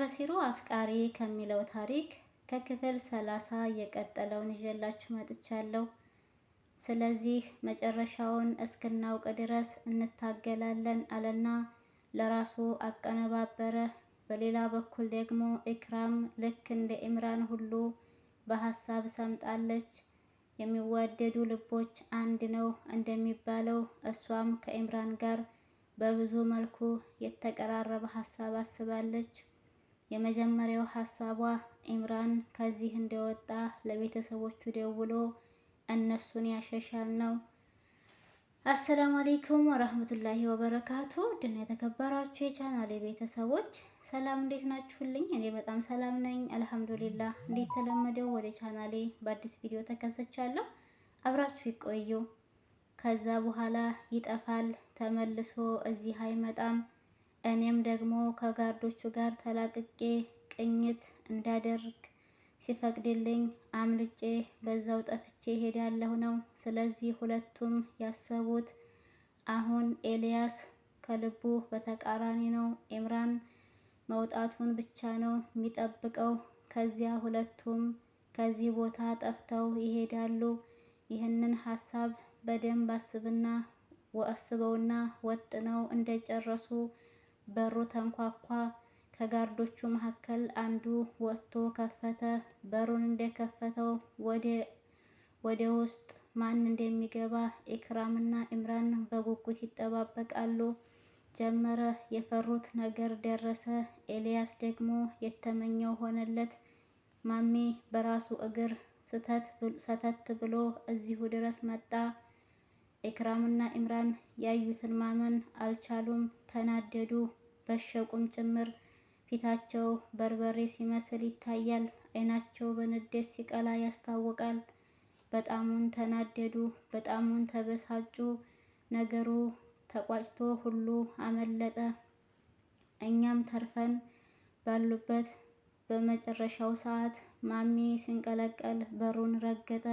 በሲሩ አፍቃሪ ከሚለው ታሪክ ከክፍል ሰላሳ የቀጠለውን ይዤላችሁ መጥቻለሁ። ስለዚህ መጨረሻውን እስክናውቅ ድረስ እንታገላለን አለና ለራሱ አቀነባበረ። በሌላ በኩል ደግሞ ኢክራም ልክ እንደ ኢምራን ሁሉ በሀሳብ ሰምጣለች። የሚዋደዱ ልቦች አንድ ነው እንደሚባለው እሷም ከኢምራን ጋር በብዙ መልኩ የተቀራረበ ሀሳብ አስባለች። የመጀመሪያው ሀሳቧ ኢምራን ከዚህ እንደወጣ ለቤተሰቦቹ ደውሎ እነሱን ያሸሻል ነው። አሰላሙ አሌይኩም ወረህመቱላሂ ወበረካቱ ድና የተከበራችሁ የቻናል ቤተሰቦች ሰላም እንዴት ናችሁልኝ? እኔ በጣም ሰላም ነኝ አልሐምዱሊላህ። እንደተለመደው ወደ ቻናሌ በአዲስ ቪዲዮ ተከሰቻለሁ። አብራችሁ ይቆዩ። ከዛ በኋላ ይጠፋል፣ ተመልሶ እዚህ አይመጣም። እኔም ደግሞ ከጋርዶቹ ጋር ተላቅቄ ቅኝት እንዳደርግ ሲፈቅድልኝ አምልጬ በዛው ጠፍቼ ሄዳለሁ ነው። ስለዚህ ሁለቱም ያሰቡት አሁን ኤልያስ ከልቡ በተቃራኒ ነው። ኤምራን መውጣቱን ብቻ ነው የሚጠብቀው። ከዚያ ሁለቱም ከዚህ ቦታ ጠፍተው ይሄዳሉ። ይህንን ሀሳብ በደንብ አስብና ወአስበውና ወጥነው እንደጨረሱ በሩ ተንኳኳ። ከጋርዶቹ መካከል አንዱ ወጥቶ ከፈተ። በሩን እንደከፈተው ወደ ውስጥ ማን እንደሚገባ ኢክራምና ኢምራን በጉጉት ይጠባበቃሉ ጀመረ። የፈሩት ነገር ደረሰ። ኤልያስ ደግሞ የተመኘው ሆነለት። ማሜ በራሱ እግር ሰተት ብሎ እዚሁ ድረስ መጣ። ኢክራምና ኢምራን ያዩትን ማመን አልቻሉም፣ ተናደዱ። በሸቁም ጭምር ፊታቸው በርበሬ ሲመስል ይታያል። አይናቸው በንዴት ሲቀላ ያስታውቃል። በጣሙን ተናደዱ፣ በጣሙን ተበሳጩ። ነገሩ ተቋጭቶ ሁሉ አመለጠ። እኛም ተርፈን ባሉበት በመጨረሻው ሰዓት ማሚ ሲንቀለቀል በሩን ረገጠ።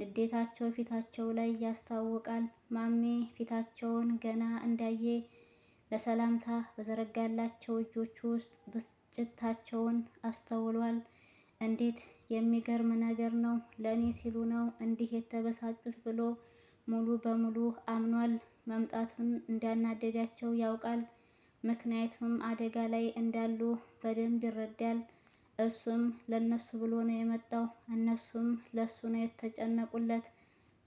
ንዴታቸው ፊታቸው ላይ ያስታውቃል። ማሚ ፊታቸውን ገና እንዳየ ለሰላምታ በዘረጋላቸው እጆች ውስጥ ብስጭታቸውን አስተውሏል። እንዴት የሚገርም ነገር ነው! ለእኔ ሲሉ ነው እንዲህ የተበሳጩት ብሎ ሙሉ በሙሉ አምኗል። መምጣቱን እንዳናደዳቸው ያውቃል። ምክንያቱም አደጋ ላይ እንዳሉ በደንብ ይረዳል። እሱም ለነሱ ብሎ ነው የመጣው፣ እነሱም ለሱ ነው የተጨነቁለት።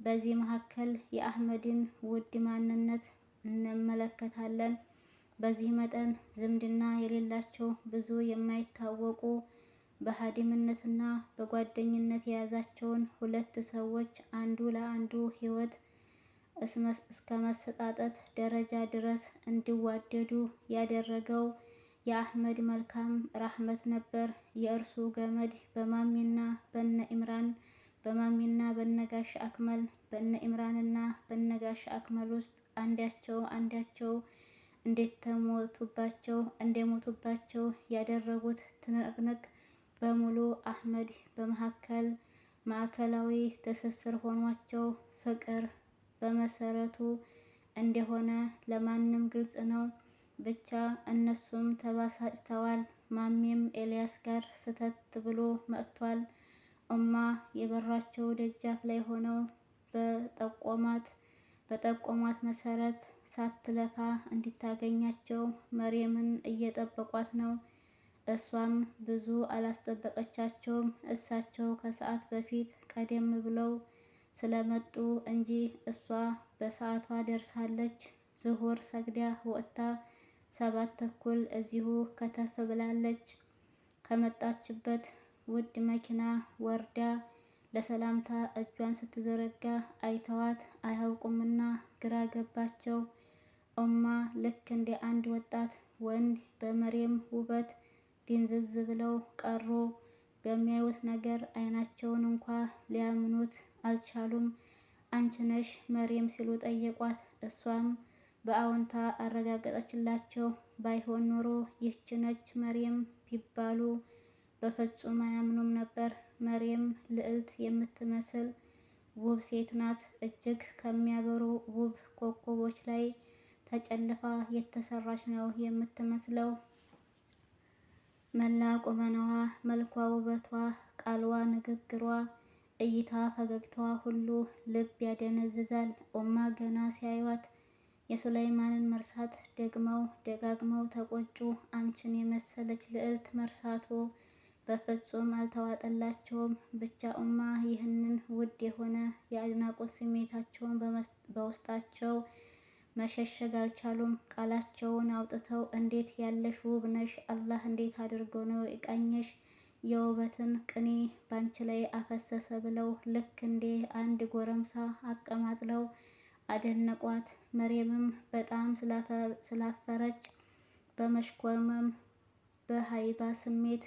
በዚህ መካከል የአህመድን ውድ ማንነት እንመለከታለን። በዚህ መጠን ዝምድና የሌላቸው ብዙ የማይታወቁ በሀዲምነትና በጓደኝነት የያዛቸውን ሁለት ሰዎች አንዱ ለአንዱ ህይወት እስከ መሰጣጠት ደረጃ ድረስ እንዲዋደዱ ያደረገው የአህመድ መልካም ራህመት ነበር። የእርሱ ገመድ በማሚና በነ ኢምራን በማሚና በነጋሽ አክመል በነ ኢምራንና በነጋሽ አክመል ውስጥ አንዳቸው አንዳቸው እንደተሞቱባቸው እንደሞቱባቸው ያደረጉት ትንቅንቅ በሙሉ አህመድ በመካከል ማዕከላዊ ትስስር ሆኗቸው ፍቅር በመሰረቱ እንደሆነ ለማንም ግልጽ ነው። ብቻ እነሱም ተባሳጭተዋል! ማሚም ኤልያስ ጋር ስተት ብሎ መጥቷል። እማ የበራቸው ደጃፍ ላይ ሆነው በጠቆማት በጠቆማት መሰረት ሳትለፋ እንዲታገኛቸው መሬምን እየጠበቋት ነው። እሷም ብዙ አላስጠበቀቻቸውም። እሳቸው ከሰዓት በፊት ቀደም ብለው ስለመጡ እንጂ እሷ በሰዓቷ ደርሳለች። ዝሁር ሰግዳ ወጥታ ሰባት ተኩል እዚሁ ከተፍ ብላለች። ከመጣችበት ውድ መኪና ወርዳ ለሰላምታ እጇን ስትዘረጋ አይተዋት አያውቁምና ግራ ገባቸው። ጮማ ልክ እንደ አንድ ወጣት ወንድ በመሬም ውበት ድንዝዝ ብለው ቀሩ። በሚያዩት ነገር አይናቸውን እንኳ ሊያምኑት አልቻሉም። አንቺ ነሽ መሬም ሲሉ ጠየቋት። እሷም በአዎንታ አረጋገጠችላቸው። ባይሆን ኖሮ ይህች ነች መሬም ቢባሉ በፍጹም አያምኑም ነበር። መሬም ልዕልት የምትመስል ውብ ሴት ናት። እጅግ ከሚያበሩ ውብ ኮከቦች ላይ ተጨልፋ የተሰራች ነው የምትመስለው። መላ ቁመናዋ፣ መልኳ፣ ውበቷ፣ ቃልዋ፣ ንግግሯ፣ እይታ፣ ፈገግታዋ ሁሉ ልብ ያደነዝዛል። ኡማ ገና ሲያዩት የሱላይማንን መርሳት ደግመው ደጋግመው ተቆጩ። አንቺን የመሰለች ልዕልት መርሳቶ በፍጹም አልተዋጠላቸውም። ብቻ ኡማ ይህንን ውድ የሆነ የአድናቆት ስሜታቸውን በውስጣቸው መሸሸግ አልቻሉም። ቃላቸውን አውጥተው እንዴት ያለሽ ውብ ነሽ፣ አላህ እንዴት አድርጎ ነው የቃኘሽ የውበትን ቅኔ ባንቺ ላይ አፈሰሰ ብለው ልክ እንዴ አንድ ጎረምሳ አቀማጥለው አደነቋት። መሬምም በጣም ስላፈረች በመሽኮርመም በሀይባ ስሜት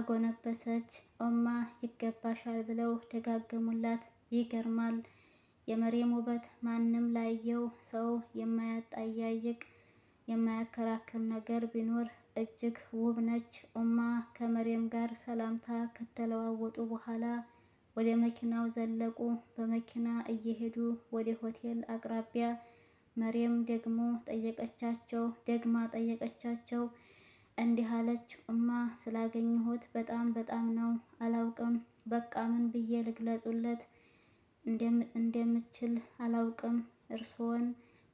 አጎነበሰች። ኦማ ይገባሻል ብለው ደጋገሙላት። ይገርማል። የመሬም ውበት ማንም ላየው ሰው የማያጠያይቅ የማያከራክር ነገር ቢኖር እጅግ ውብ ነች። ኡማ ከመሬም ጋር ሰላምታ ከተለዋወጡ በኋላ ወደ መኪናው ዘለቁ። በመኪና እየሄዱ ወደ ሆቴል አቅራቢያ መሬም ደግሞ ጠየቀቻቸው ደግማ ጠየቀቻቸው እንዲህ አለች። እማ ስላገኘሁት በጣም በጣም ነው። አላውቅም በቃ ምን ብዬ ልግለጹለት? እንደምችል አላውቅም። እርስዎን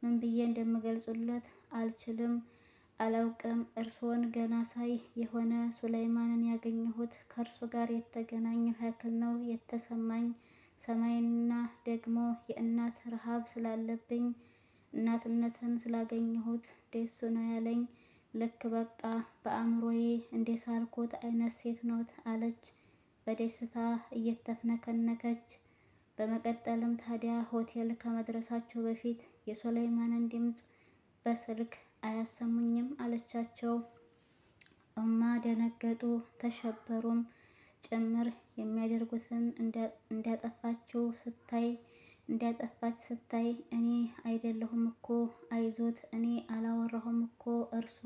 ምን ብዬ እንደምገልጹለት አልችልም አላውቅም። እርስዎን ገና ሳይ የሆነ ሱላይማንን ያገኘሁት ከእርሱ ጋር የተገናኘሁ ያክል ነው የተሰማኝ። ሰማይና ደግሞ የእናት ረሃብ ስላለብኝ እናትነትን ስላገኘሁት ደስ ነው ያለኝ። ልክ በቃ በአእምሮዬ እንደሳልኩት አይነት ሴት ኖት አለች በደስታ እየተፍነከነከች። በመቀጠልም ታዲያ ሆቴል ከመድረሳቸው በፊት የሱለይማንን ድምፅ በስልክ አያሰሙኝም አለቻቸው። እማ ደነገጡ፣ ተሸበሩም ጭምር የሚያደርጉትን እንዳጠፋችው ስታይ እንዳጠፋች ስታይ እኔ አይደለሁም እኮ አይዞት፣ እኔ አላወራሁም እኮ እርሶ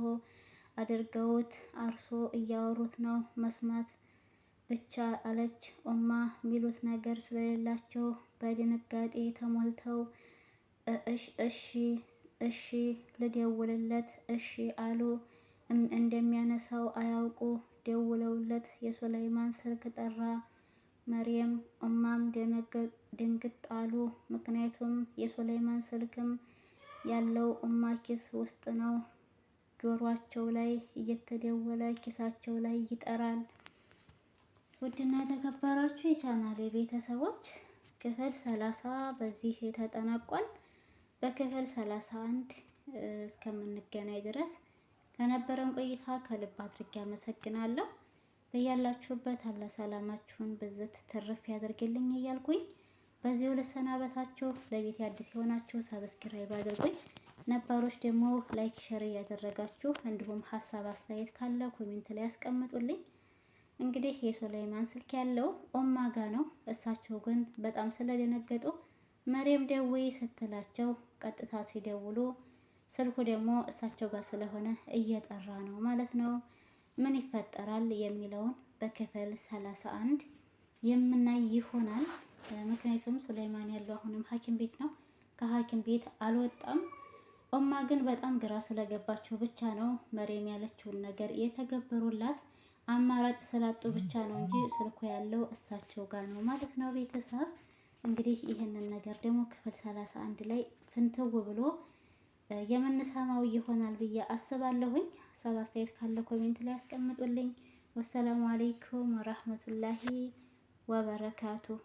አድርገውት፣ አርሶ እያወሩት ነው መስማት ብቻ አለች። ኦማ የሚሉት ነገር ስለሌላቸው በድንጋጤ ተሞልተው እሺ እሺ ልደውልለት እሺ አሉ። እንደሚያነሳው አያውቁ ደውለውለት የሱለይማን ስልክ ጠራ። መርየም ኦማም ድንግት አሉ። ምክንያቱም የሱለይማን ስልክም ያለው ኦማ ኪስ ውስጥ ነው። ጆሯቸው ላይ እየተደወለ ኪሳቸው ላይ ይጠራል። ውድና የተከበራችሁ የቻናሌ ቤተሰቦች ክፍል ሰላሳ በዚህ ተጠናቋል። በክፍል ሰላሳ አንድ እስከምንገናኝ ድረስ ለነበረን ቆይታ ከልብ አድርጌ አመሰግናለሁ። በያላችሁበት አለ ሰላማችሁን ብዝት ትርፍ ያደርግልኝ እያልኩኝ በዚሁ ልሰናበታችሁ። ለቤት አዲስ የሆናችሁ ሰብስክራይብ አድርጉኝ፣ ነባሮች ደግሞ ላይክ ሸር እያደረጋችሁ እንዲሁም ሀሳብ አስተያየት ካለ ኮሜንት ላይ ያስቀምጡልኝ። እንግዲህ የሱለይማን ስልክ ያለው ኦማ ጋ ነው። እሳቸው ግን በጣም ስለደነገጡ መሬም ደዌ ስትላቸው ቀጥታ ሲደውሉ ስልኩ ደግሞ እሳቸው ጋር ስለሆነ እየጠራ ነው ማለት ነው። ምን ይፈጠራል የሚለውን በክፍል ሰላሳ አንድ የምናይ ይሆናል። ምክንያቱም ሱለይማን ያለው አሁንም ሐኪም ቤት ነው። ከሐኪም ቤት አልወጣም። ኦማ ግን በጣም ግራ ስለገባቸው ብቻ ነው መሬም ያለችውን ነገር የተገበሩላት። አማራጭ ስላጡ ብቻ ነው እንጂ ስልኩ ያለው እሳቸው ጋር ነው ማለት ነው። ቤተሰብ እንግዲህ ይህንን ነገር ደግሞ ክፍል ሰላሳ አንድ ላይ ፍንትው ብሎ የምንሰማው ይሆናል ብዬ አስባለሁኝ። ሀሳብ አስተያየት ካለ ኮሜንት ላይ ያስቀምጡልኝ። ወሰላሙ አሌይኩም ወረህመቱላሂ ወበረካቱ